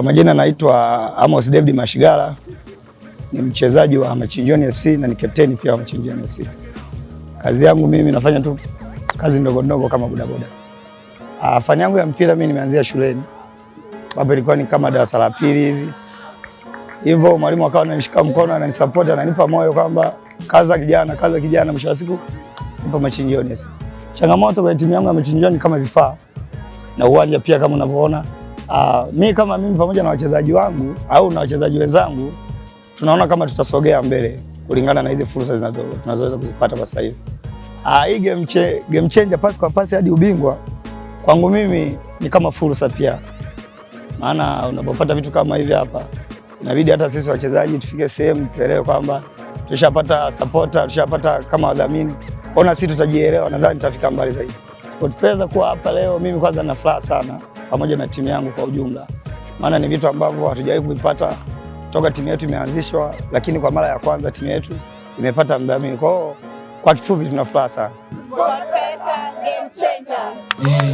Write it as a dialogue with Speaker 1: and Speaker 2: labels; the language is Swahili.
Speaker 1: Kwa majina naitwa Amos David Mashigala, ni mchezaji wa Machinjioni FC na ni kapteni pia wa Machinjioni FC. Kazi yangu mimi nafanya tu kazi ndogo ndogo kama bodaboda. Ah, fani yangu ya mpira mimi nimeanzia shuleni, baba ilikuwa ni kama darasa la pili hivi hivyo, mwalimu akawa ananishika mkono, ananisupport, ananipa moyo kwamba kaza kijana, kaza kijana, mwisho wa siku nipo Machinjioni FC. Changamoto kwa timu yangu ya Machinjioni kama vifaa na uwanja pia kama unavyoona uh, mi kama mimi pamoja na wachezaji wangu au na wachezaji wenzangu tunaona kama tutasogea mbele kulingana na hizi fursa tunazoweza kuzipata kwa sasa hivi. Ah, hii game che, game changer pasi kwa pasi hadi ubingwa kwangu mimi ni kama fursa pia, maana unapopata vitu kama hivi hapa inabidi hata sisi wachezaji tufike sehemu tuelewe kwamba tushapata supporter, tushapata kama wadhamini, ona sisi tutajielewa, nadhani tutafika mbali zaidi. SportPesa kuwa hapa leo, mimi kwanza na furaha sana pamoja na timu yangu kwa ujumla, maana ni vitu ambavyo hatujawahi kuvipata toka timu yetu imeanzishwa, lakini kwa mara ya kwanza timu yetu imepata mdhamini. Kwa kwa kifupi, tuna furaha sana. Game Changers. Eh.